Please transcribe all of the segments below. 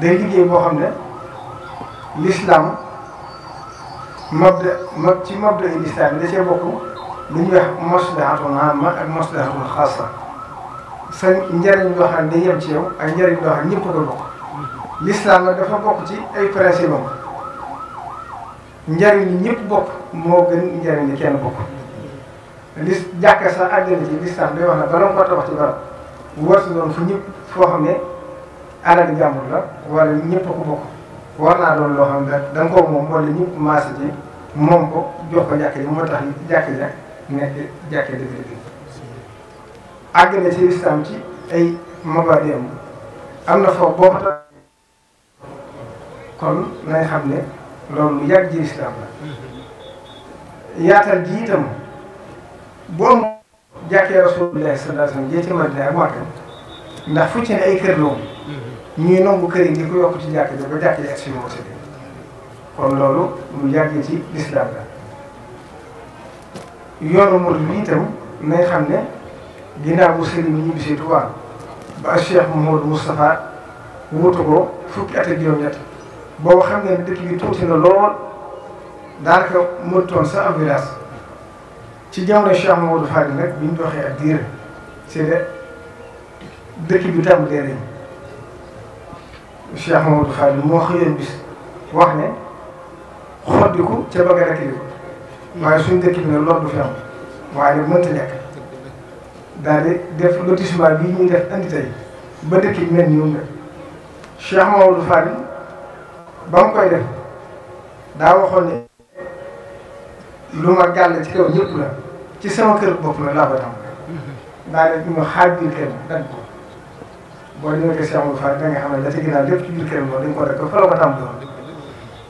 day liggéey boo xam ne l'islam mabda mab ci mabda l'islam da cee bokk lu ñuy wax maslahatun amma ak maslahatun ne day yem ci yow ak njëriñ loo xam ne ñëpp ko bokk dafa bokk ci ay principe am njëriñ ñëpp bokk moo gën njëriñ li kenn bokk lis jàkka wax ne bala ko tabax ci barab wartu doon fu ñëpp foo xam ne alal jàmbur la wala ñëpp ko bokk war naa doon loo xam ne da nga ko moom wala ñëpp maase ji moom ko jox ko jàkk ji moo tax jàkk jàkk dëgg dëgg àgg na ci islam ci ay na foofu xam ne loolu yàgg ji islam la yaatal ji itam bu ndax fu ci ne ay kër la ñii nangu kër yi ko yokk ci jàkk ji ba jàkk ji exprime aussi kon loolu lu yàgg ci lislaam la yoonu murid bi itam nay xam ne ginaar bu sëriñ bi ñibbisee Tuubaa ba Cheikh Mouhamadou Moustapha wutu ko fukki at ak juróom-ñett boobu xam ne dëkk bi tuuti na lool daanaka mëntoon sa ab village ci jamono Cheikh Mouhamadou Fadi nag bi ñu doxee ak diir si dëkk bi tàmbalee nañ Cheikh Mamadou Fall moo xëyoon bis wax ne xoddiku ca bëgg a rekkiliku waaye suñ dëkk bi ne loolu du fi am waaye nag mënta nekk daal di def lotissement bii ñuy def andi tey ba dëkk bi mel nii Cheikh Mamadou Fall ba mu koy def daa waxoon ne lu ma gàll ci kaw ñëpp la ci sama kër bopp la laa koy am daanaka ñu ma xaaj biir kenn daj ko. boo demee ko Cheikh Amadou Fall da nga xam ne la ca ginnaaw lépp ci biir këram loolu dañ ko rek ba fa la ko tàmbaloon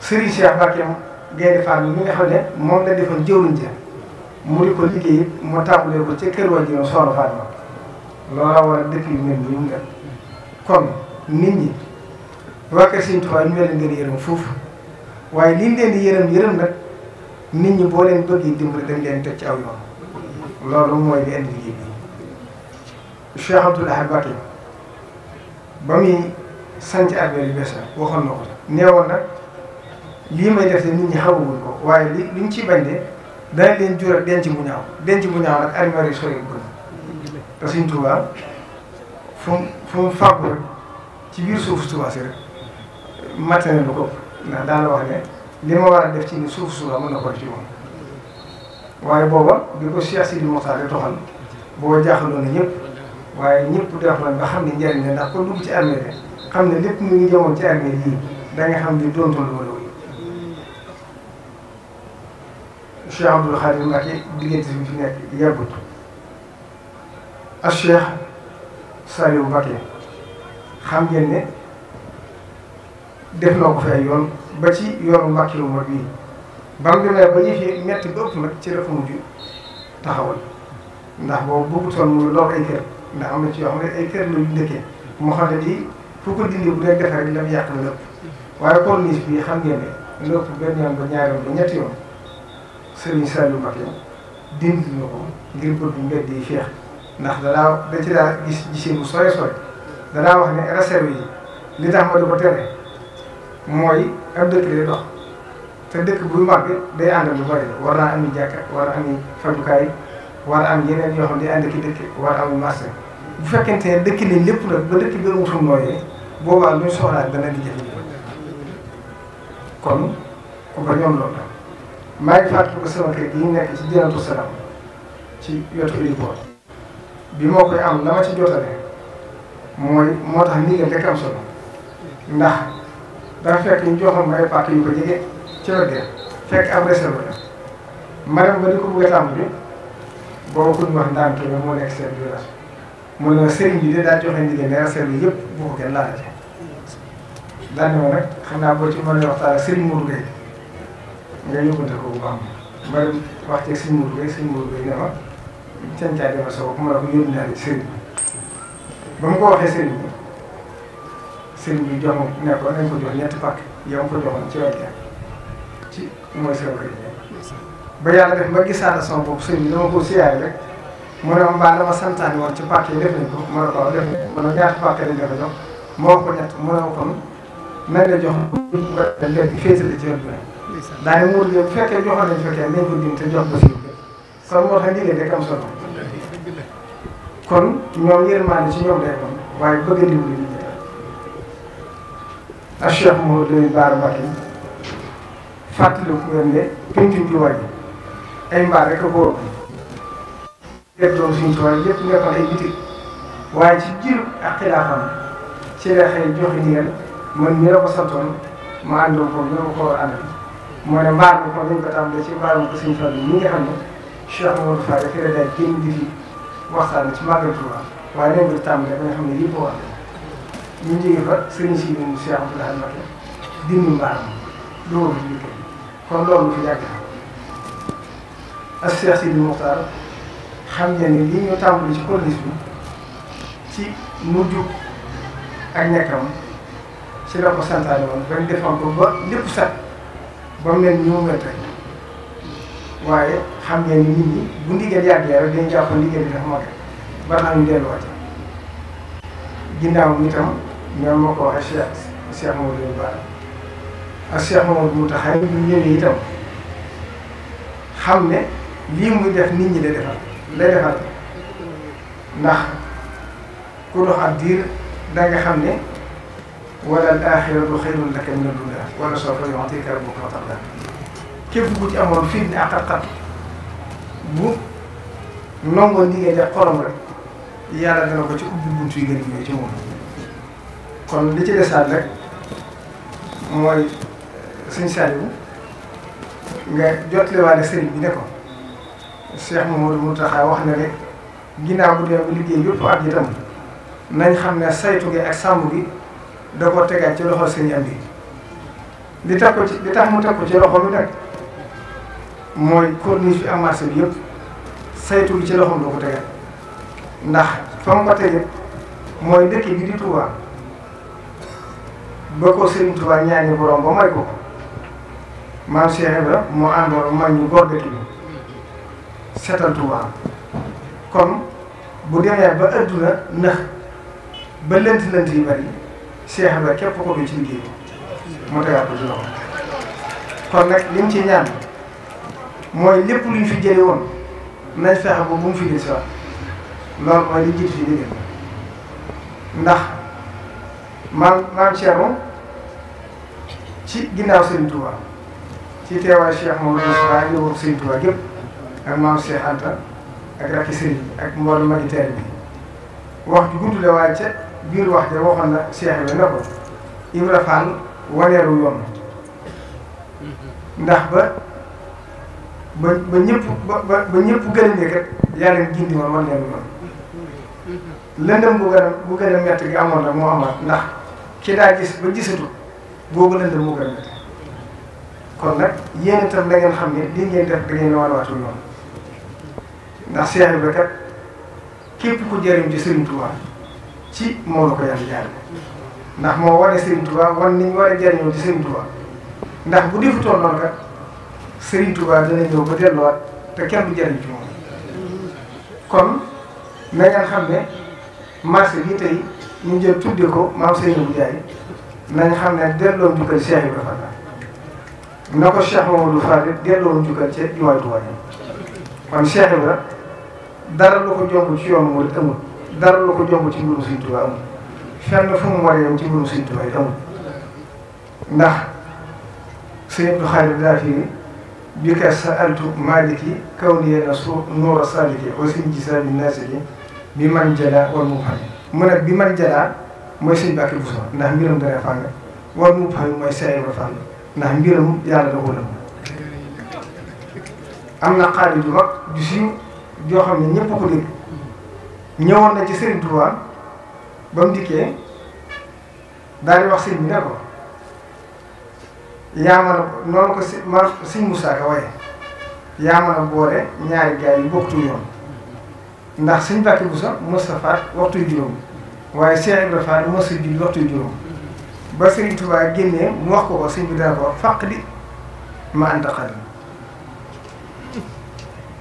Serigne Cheikh Mbacke Gaynde Fall mi nga xam ne moom la defoon jëwriñ ja mu di ko liggéey mu tàmbalee ko ca kër waajuram Soxna Fatima loolaa war a dëkk yu mel nii mu def kon nit ñi waa kër Serigne Touba ñu leen gën a yërëm foofu waaye liñ leen di yërëm yërëm nag nit ñi boo leen bëggee dimbali dañ leen teg ci aw yoon loolu mooy di indi liggéey bi Cheikh Abdoul Ahad Mbacke ba muy sanc armée yu bees la waxoon na ko neewoon nag lii may def te nit ñi xamaguñ ko waaye li liñ ciy bañ de dana leen jural denc mu ñaaw denc mu ñaaw nag armée yu sori gën te suñ rek ci biir suuf Tuubaa si rek matin lu ko daan la wax ne li ma war a def ci ni suuf Tuubaa mën na ko ci moom waaye booba bi ko Cheikh Sidi Moussa di toxal boo jaaxaloon na ñëpp waaye ñëpp di wax na nga xam ne njëriñ la ndax ko dugg ci armée xam ne lépp mu ngi jëmoon ci armée yii da xam ne doontul wala wala. Cheikh Abdoul Khadir Mbacké diggante bi fi nekk yàggut xam ngeen ne def noo ko fi yoon ba ci yoonu Mbacké lu mag bii ba mu demee ba yëf yi metti ba ëpp nag ci la ko mujj taxawal ndax boobu bëggutoon mu lool ay kër. ndax am na ci yoo xam ne ay kër la ñu dëkkee moo xam ne lii fu ko dindi bu dee defe rek lam yàq la lépp waaye corniche bi xam ngeen ne lépp benn yoon ba ñaari yoon ba ñetti yoon Serigne Saliou Mbacké dindi na ko ngir bëgg mbedd yi feex ndax danaa da ci daa gis gisee bu sore sore danaa wax ne réserve yi li tax ma di ko tere mooy ab dëkk day dox te dëkk buy màgg day àndal lu bari war naa ami jàkka war naa ami fajukaay war am yeneen yoo xam ne ànd ki dëkk war a am marché bu fekkente ne dëkk lañ lépp nag ba dëkk bi wutum nooyee boobaa luñ soxlaat dana di kon ko sama kër gi ñu nekk ci Jannatul Salaam ci yotu moo koy am la ci jotale mooy moo tax ndigal rek am solo ndax dafa fekk ñu joxoon ay pàcc yu ko jege ci wet fekk am réserve la ba di ko bëgg booba ku ñu wax ndànk la moo nekk seen biir mu ne sëriñ bi de daa joxe ndigal ne reseau bi yëpp bu ko kenn laajate daañu ma nag xam naa boo ci mën a waxtaan ak sëriñ Modou Gueye nga ko bu baax ma dem wax ci sëriñ Modou Gueye sëriñ Modou Gueye ne ma sëñ caa demal sa bopp mu ne ko yóbbu naa ci sëriñ bi ba mu ko waxee sëriñ bi sëriñ bi jox ma nekkoon nañ ko jox ñetti pàkk yow ko joxoon ci wàllu ci mooy sëriñ bi. ba yàlla def gis gisaana sama bopp sëñ bi dama ko siyaare rek mu ne ma mbaa dama santaane ci pàcc def nañ ko ma ne ko def nañ ko ma ne ñaata pàcc lañ def a jox ma wax ko ñett mu ne ma kon nañ la jox léegi féetale ci wet bi nag daane muur bu fekkee joxoon nañ fekkee nañ ko dim te jox ko si kon moo tax ndigal rek am solo kon ñoom yërmaande ci ñoom day kon waaye bëgg ndiw li ñu ak Cheikh Mouhamadou Lamine Bara Mbacké ay mbaar rek a góor def doon suñu tool yëpp nekkoon ay bitik waaye ci jiir ak xilaafam ci la xëy joxe ndigal man mii la ko santoon ma àndoon foofu ñoo ko ko àndal moo ne mbaar bi kon dañ ko tàmbalee ci mbaaram ko suñu tool yi nga xam ne Cheikh Modou Fall fi la day génn di fi waxtaan ci Magal Touba waaye nañ ko tàmbalee ba nga xam ne lii ko wax ñu jógee fa sëriñ si bi mu Cheikh Abdoulaye Mbacké dindi mbaaram loolu kon loolu fi yàgg ak Cheikh Sidi Mokhtar xam ngeen ni lii ñu tàmbali ci corniche bi ci mujjug ak ñàkkam ci la ko santaane woon ba ñu defal ko ba lépp sax ba mel ni mu mel rek waaye xam ngeen ni nit ñi bu ndigal yàggee rek dañu jàpp ndigal bi dafa mag ba naa ñu delluwaat ginnaaw mi tam ñoom moo ko waxee Cheikh Cheikh Mamadou Bara ak Cheikh Mamadou Moutakha ñu ñëwee itam xam ne. lii muy def nit ñi lay defal lay defal ndax ku dox ab diir da xam ne wala al axiratu xayrun laka min ad-dunya wala sawfa yu'tika rabbuka fatarda képp ku ci amoon fii nii ak bu nangoo ni nga def xolam rek yàlla dana ko ci ubbi bunt yu gën a ñëw ci moom kon li ci desaat rek mooy eh, suñu saay bu nga jotlewaale sëriñ bi ne ko. Cheikh Mamadou Mountakha wax na ne ginnaaw bu dee bu liggéey yëpp ak itam nañ xam ne saytu gi ak sàmm gi da ko tegaat ci loxo sëñ am bi li tax ko ci li tax mu teg ko ci loxo bi nag mooy corniche bi ak marché bi yëpp saytu bi ci loxoom doo ko tegaat ndax fa mu ko tege mooy dëkk bi di Touba ba ko Sëriñ Touba ñaani borom ba may ko ko maam Cheikh Ibra moo àndoon ma ñu gor dëkk bi seetal Touba kon bu demee ba adduna nëx ba lënt lënt yi bari Cheikh Ibrahima képp ko du ci liggéey moo tegaat ko ci loxo kon nag li ci ñaan mooy lépp lu fi jëlee woon nañ fexe bu mu fi gis waat loolu mooy li jiitu ci liggéey ndax maam maam Thierno ci ginnaaw Serigne Touba ci teewaay Cheikh Maodo Moussa ñu wër Serigne Touba gépp ak maam Cheikh Anta ak rakki sëriñ bi ak mboolem magi teel wax ju gudd la waaye biir wax ja waxoon na Cheikh bi ne ko Ibra Fall waneeru yoon ndax ba ba ba ñëpp ba ba ñëpp gën a nekk rek yaa leen gindi ma man leen man lëndëm bu gën a gi amoon nag moo amaat ndax ki daa gis ba gisatu boobu lëndëm moo gën a kon nag yéen itam da ngeen xam ni li ngeen def da ngeen a wan waatu noonu ndax Cheikh Ibrahima kat képp ku jëriñ ci Serigne ci moo ko yàlla jaarale ndax moo wane Serigne Touba wan ni ñu war a jëriñoo ci Serigne ndax bu defutoon noonu kat Serigne Touba dana ñëw ba delluwaat te kenn du jëriñ ci moom kon na ngeen xam ne marché bi tey ñu jël tudde ko maam Serigne bu jaay nañ xam ne delloo njukkal Cheikh Ibrahima Fall na ko Cheikh Mamadou Fall delloo njukkal ca jumaay Touba kon Cheikh Ibrahima dara lu ko jomb ci yoonu murid amul dara lu jomb ci mbirum Sëriñ Tuubaa amul fenn fu mu waree ci mbirum Sëriñ Tuubaa yi amul ndax sëñ Abdou Khadre daa fi bi ka sa'altu maaliki kaw ni yéen a su nuura saliki wa sëñ gisaabi naasiki bi man jala wal mu xam mu ne bi man jala mooy sëñ Bàkke Buso ndax mbiram dana fàng wal mu xam mooy saye ba fàng ndax mbiram yàlla da ko am na xaalis bu du siiw joo xam ne ñëpp ko dégg ñëwoon na ci Serigne Touba ba mu dikkee daal di wax sëñ bi ne ko yaa mën noonu ko si ma sëñ Moussa Ka waaye boole ñaari gaay yu bokkul yoon ndax sëñ Bakki Moussa mos sa faat waxtu juróom waaye Cheikh Ibrahima Fall mos sa julli waxtu juróom ba Serigne Touba génnee mu wax ko ko sëñ bi dana ko faq di ma ànd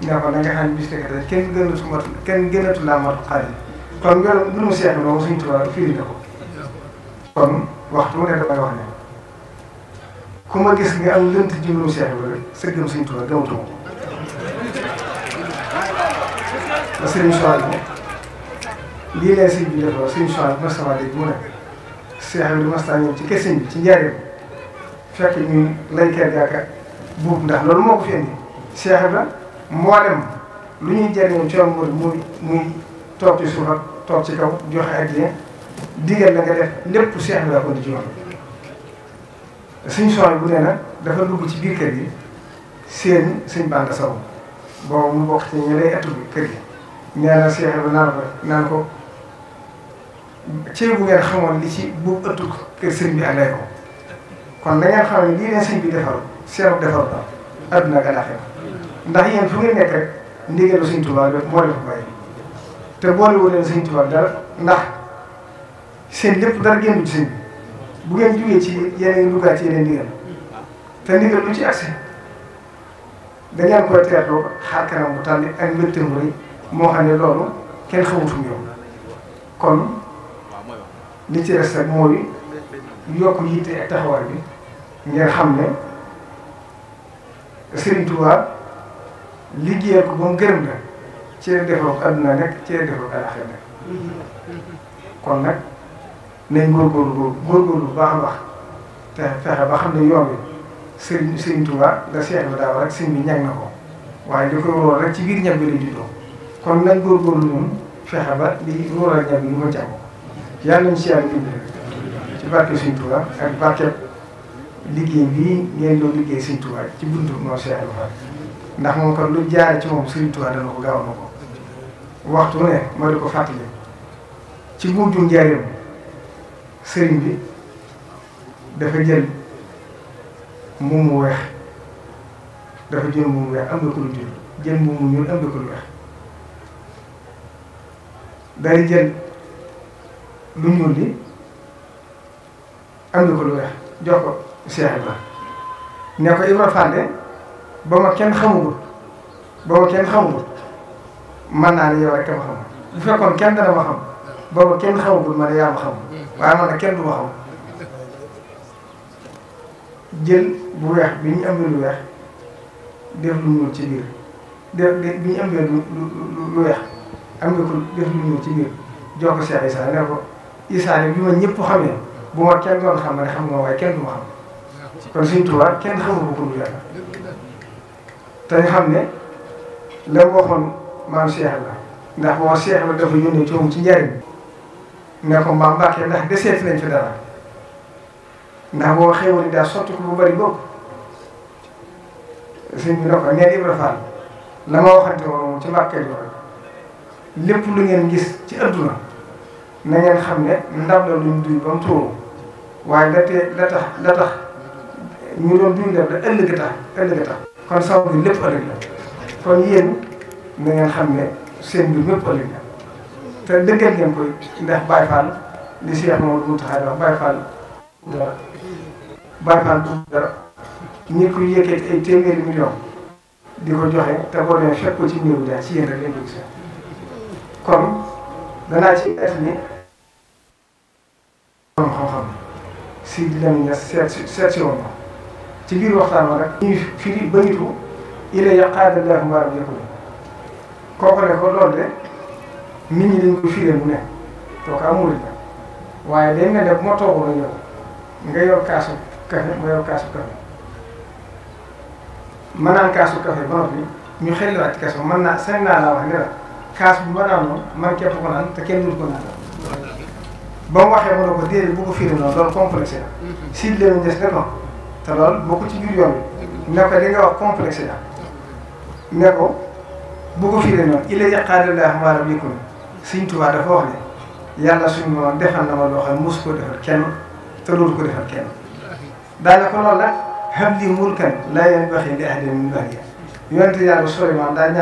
nga ko da nga bis tekk kenn gënatu mat kenn gënatu laa mat xaalis kon nga lu mu seetlu loolu suñu tubaab firi ko kon waxtu mu ne damay wax ne ku ma gis nga am lënt ji mu seetlu rek sa gëm suñu tubaab gëmatuma ko ba sëriñ Soal bi lii lay sëñ bi defoo sëriñ Soal bi Moustapha Dégg mu ne seex bi Moustapha ci keseñ bi ci njaareem fekk ndax loolu moo fi indi seex bi la mboolem lu ñuy jëriñoo ci moo murid muy muy toog ci suuf toog ci kaw joxe ak yéen digal la nga def lépp seex bi laa ko di ci suñ sooy bu ne nag dafa dugg ci biir kër gi seen suñ bànk saw boobu mu bokk ci ñu lay attu bi kër gi ñaanal seex bi naan ko naan ko ceeb bu ngeen xamoon li ci bu ëttu bi àndee ko kon da ngeen xam ne lii leen sëñ bi defal seex defal ko adduna ak alaxira ndax yéen fu ngeen nekk rek ndigalu Sëñ Tuubaa def moo leen fa bàyyi te boolewul leen Sëñ Tuubaa dara ndax seen lépp dara génn ci sëñ bi bu ngeen jugee ci yeneen duggaat ci yeneen ndigal te ndigal lu ci accès da ngeen koy teerloo xaar kanam bu tànn ak mbégte mu moo xam ne loolu kenn xamutum yow kon li ci des rek mooy yokk yitte ak taxawaay bi ngeen xam ne Sëriñ Tuubaa liggéeyal ko ba mu gërëm la ci la defaroog adduna nekk ci la defaroog alaxira nekk kon nag nañ góorgóorlu góorgóorlu bu baax a baax te fexe ba xam ne yoon bi sëriñ sëriñ Tuubaa la Cheikh bi daaw rek sëriñ bi ñag na ko waaye li koy waral rek ci biir ñag bi la juddoo kon nañ góorgóorlu ñun fexe ba li waral ñag bi ñu ko jàpp yàlla nañ si yàlla dimbali ci barke sëriñ Tuubaa ak barke liggéey bii ngeen doon liggéey sëriñ Tuubaa ci buntu noo Cheikh Ibrahima ndax moom kon lu jaare ci moom Serigne Touba dana ko gaaw na ko waxtu ne ma di ko fàttali ci mujju njaareem Serigne bi dafa jël moom mu weex dafa jël moom mu weex am lu jël jël moom mu ñuul am lu weex day jël lu ñuul li am lu weex jox ko Cheikh ne ko Ibrahima Fane. ba ma kenn xamul ba ma kenn xamul mën naa ne yow rek ma bu fekkoon kenn dana ma ma kenn xamul ma ne yaa ma kenn du ma xam jël bu weex bi ñu amee lu weex def lu ñuul ci biir weex am nga ko def lu ñuul ci biir jox ko Cheikh Issa ne ko Issa ne bi ma ñëpp xamee xam nga waaye kenn du ma xam kon suñu tubaab kenn xamul ko lu weex te nga xam ne la mu waxoon maam Cheikh la ndax boo Cheikh la dafa yónnee ci moom ci njariñ ne ko maam Mbacke ndax deseeti nañ fi dara ndax boo xewoon ni sotti ko bu bari boobu sëñ bi ne ko neen Ibra Fall la ma waxante woon moom ci Mbacke bi lépp lu ngeen gis ci adduna na ngeen xam ne ndab la luñ duy ba mu tuuru waaye la tee la tax la tax ñu doon duy ndab la ëllëg tax ëllëg tax kon sama bi lépp ëllëg la kon yéen na ngeen xam ne seen mbir mépp ëllëg la te dëggal ngeen koy ndax Baye Fall li Cheikh Mamadou Mountakha wax Baye Fall dara Baye Fall du dara ñi ko million di ko joxe te boo demee ko ci néew daal ci yéen rek lañ ko gisee kon danaa ci def ni xam-xam si dinañ ne seet si ci biir waxtaan wa rek. ñuy firi bayitu ilaa qaada llaahu maa lam yakun kooku ne ko ko firee mu la waaye day mel ne bu ma toogul ak nga yor kaasu kafe ma yor kaasu kafe ma naan kaasu kafe ba ñu xel waat kaso man naa sañ naa laa wax ne la kaas bu ma naanoon man képp ko naan te kenn waxee ma ne ko déedéet bu ko firee noonu loolu complexe la. Mm-hmm. si leen te lool boo ko ci biir yoon ne ko li nga wax complexe la ne ko bu ko firee noonu illa yaqaadallahu ma rabbikum Sëñ Tuubaa dafa wax ne yàlla suñu moom defal na ma loo xam mos koo defal kenn te loolu ko defal kenn daane ko loolu nag hab li mulkan la yanbaghi li ahadin min ba'dii yonente yàlla Suleymaan daa ne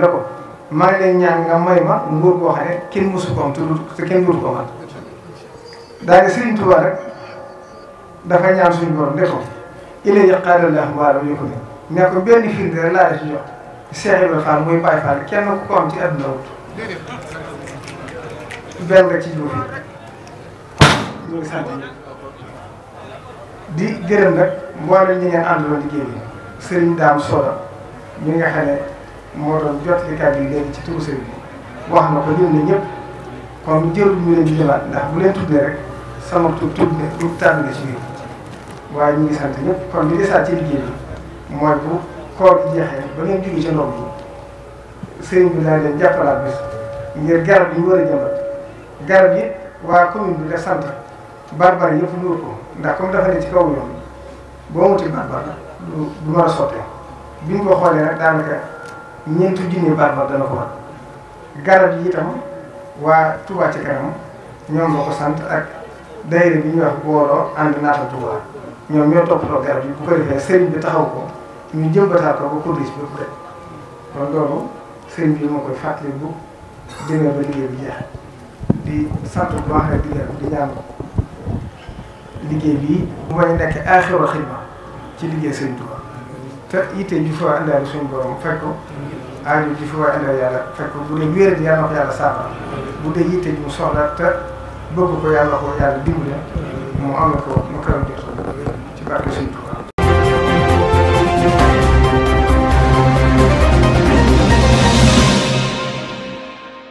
ko maa ngi lay ñaan nga ma nguur goo xam ne kenn mosu ko am te kenn dafa ñaan suñu borom ne ko ilay qaadallahu waalo yo ko ne ne ko benn firnde rek laa def jox Cheikh Ibrahima Fall muy Baye Fall kenn ku ko am ci àdduna wut benn nga ci jiw fi ñu ngi sant di gërëm nag mboolem ñi ngeen àndaloon liggéey bi sëriñ Dame Soda mi nga xam ne moo doon jot li kàddu yi léegi ci turu sëriñ bi wax na ko ñun ñëpp kon jël ñu leen di jëlaat ndax bu leen tuddee rek sama tur tudd na tur tànn na ci biir. waaye ñu ngi sant ñëpp kon li desaat ci liggéey bi mooy bu koor jeexee ba ngeen jógee ci ndox mi sëriñ bi dana leen garab yi ñu a jëmbat yi waa commune bi sant barbar yëpp nuur ko ndax comme dafa ne ci kaw yoon boo muti barbar du du mën a sotte bi ñu ko xoolee nag daanaka ñeenti junni barbar dana ko war garab yi itam waa Touba ci kanam ñoom la ko sant ak daayira bi ñuy wax booloo ànd naata Touba ñoom ñoo toppatoo garab yi bu ko defee sëriñ bi taxaw ko ñu jëmbataa ko ba produit bi bu dee kon loolu sëriñ bi moo koy fàttali bu demee ba liggéey bi jeex di sant bu baax rek di leen di ñaan liggéey bii. bu may nekk aaxiru xidma ci liggéey sëriñ Tuubaa te ittee ju fa indaale suñu borom fekk ko aajo ju fa indaale yàlla fekk bu dee wéerat yàlla na yàlla saafara bu dee ittee ju mu soxla te bëgg ko yàlla ko yàlla dimbale mu am ko mu këram jot barke suñu